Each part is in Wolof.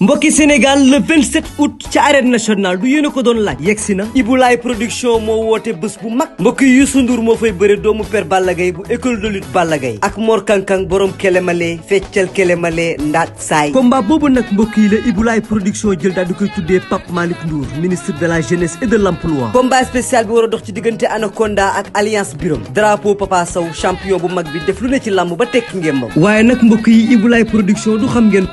mbokki Sénégal le 27 août ca arène nationale du yéen a ko doon laaj yegg si na Ibulaay production moo woote bés bu mag mbokki Youssou Ndour moo fay bëre doomu per Balla Gaye bu école de lutte Balla Gaye ak Mor Kankang borom kelemale feccal kelemale ndaat saay combat boobu nag mbokk yi la Ibulaay production jël daal di koy tuddee Pape Malick Ndour ministre de la jeunesse et de l'emploi combat spécial bi war a dox ci diggante Anaconda ak alliance Birom drapeau Papa Sow champion bu mag bi def lu ne ci làmb ba tekki ngémbam waaye nag mbokk yi Ibulaay production du xam ngeen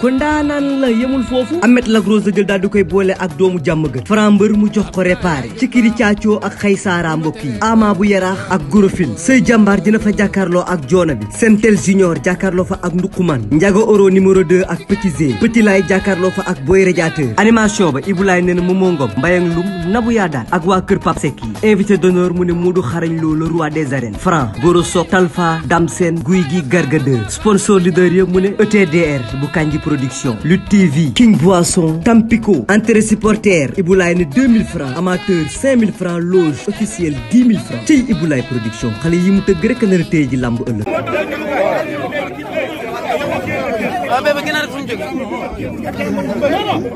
foofu Amet Lac Rose la jël daal di koy boole ak doomu jàmm gën Franc mbër mu jox ko réparé ci kiri caacoo ak xëy saara mbokk yi ama bu yaraax ak gorofil sëy jàmbaar dina fa jàkkaarloo ak joona bi sentel junior jàkkaarloo fa ak nduquman njaga oro numéro 2 ak petit zé petit laay jàkkaarloo fa ak boy radiateur animation ba ibulaay nee na moomoo ngom mbayang lum nabu yaa daan ak waa kër Pape Seck yi invité d'honneur mu ne Modou xarañ Lo le roi des arènes Franc Goro Sok Talfa Damsen guy gi gargadeur sponsor leader yëpp mu ne ETDR bu production Lutte King Boisson Tampico entrée supporter Iboulaye ne 2000 francs amateur 5000 francs loge officielle 10 000 francs ci Iboulaye production xale yi mu tëgg rek nar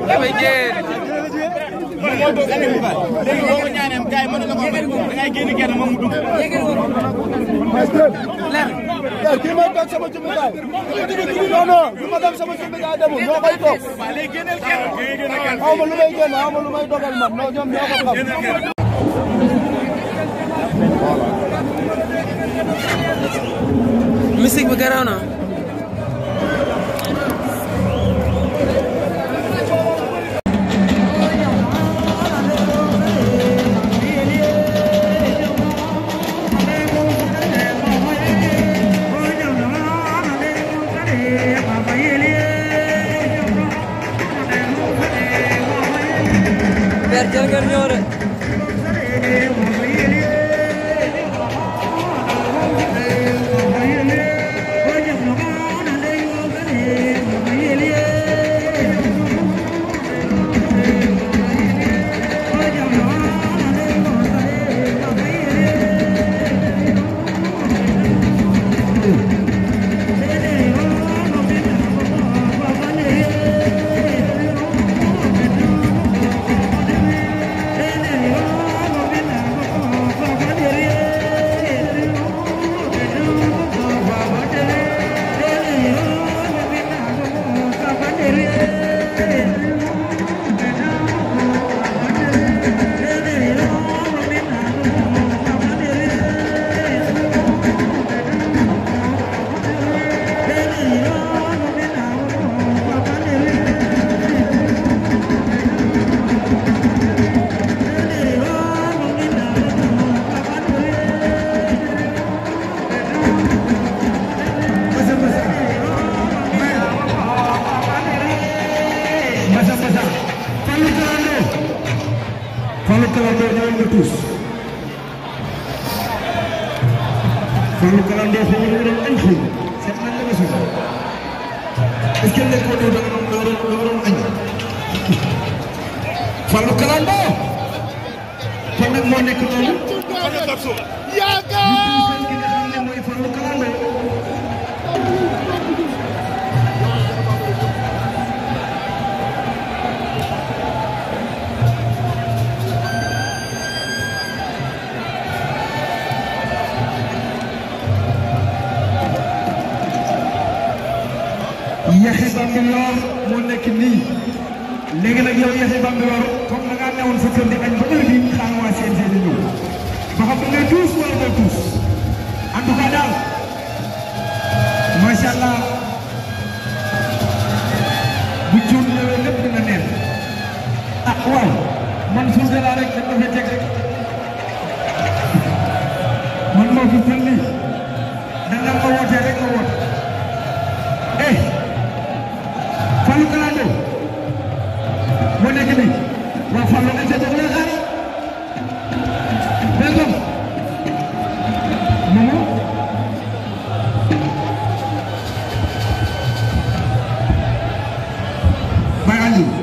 a léegi boo ko ñaanee gars yi mën na ko da ngay génn kenn moom mu dugg. leer kii mooy toog sama jumtukaay. non non ma dem sama jumtukaay ma lu ma lu may dogal man non ñoom bi garaaw na. Thank you. Basa Basa Fallou Kalando Fallou Kalando ñëwal nga tuus Fallou Kalando foofu ñu doon añ xiin seet nañ la nga suuf est-ce que léegi ko doo danga doon doo doon doo doon añ Fallou Kalando kon nag moo nekk noonu yaakaar yaxi bambilor moo nekk nii léegi nag yow yaxi bambilor comme da ngaa newoon sa kër di añ ba heure bii xaar waa CNG di ñëw ba xam da ngay tuus wala doo tuus en tout cas daal macha allah bu cuun ñëwee lépp dina neen ah waaw man suuf de la rek dañ ko fa teg rek. Barani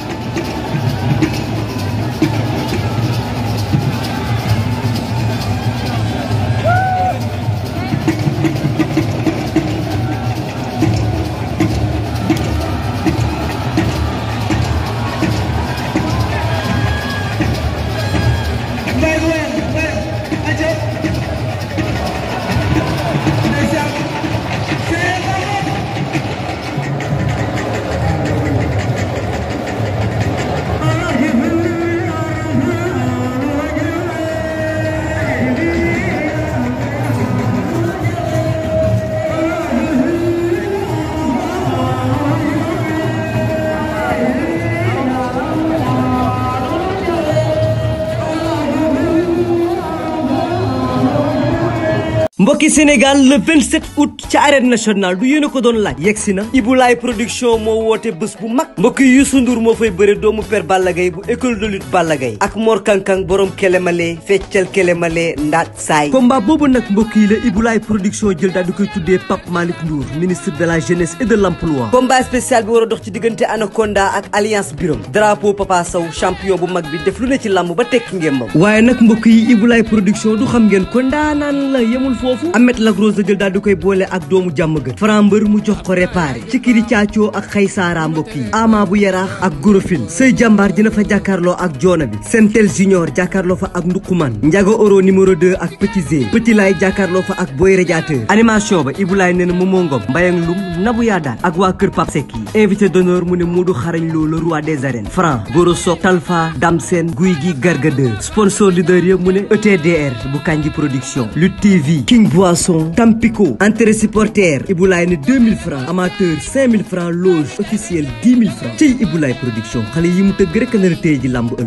mbokki Sénégal le 27 août ca arène nationale du yéen a ko doon laaj yegsi na Ibulaay production moo woote bés bu mag mbokki Youssou Ndour moo fay bëre doomu père Balla bu école de lutte Balla ak Mor Kankang borom kelemale feccal kelemale ndaat saay combat boobu nag mbokk yi la Ibulaay production jël daal di koy tuddee Pape Malick Ndour ministre de la jeunesse et de l'emploi combat spécial bi war a dox ci diggante Anaconda ak alliance Birom drapeau Papa foofu Amet Lagros la daal di koy boole ak doomu jàmm gën Franc mbër mu jox ko réparé ci kiri caacoo ak xëy saara mbokk yi bu yaraax ak gorofil sëy jàmbaar dina fa jàkkaarloo ak joona bi seen sentel junior jàkkaarloo fa ak ndukuman njaga oro numéro 2 ak petit zé petit laay jàkkaarloo fa ak boy radiateur animation ba ibulaay nee na momo ngom mbayang lum nabu yaa daan ak waa kër Pape Seck yi invité d'honneur mu ne Modou xarañ Lo le roi des arènes Franc Goro Sok Talfa Dam Sène guy gi gargadeur sponsor leader mu ne ETDR bu King Boisson Tampico entrée supporter Iboulaye ne 2000 francs amateur 5000 francs loge officielle 10 000 francs production xale yi mu tëgg rek na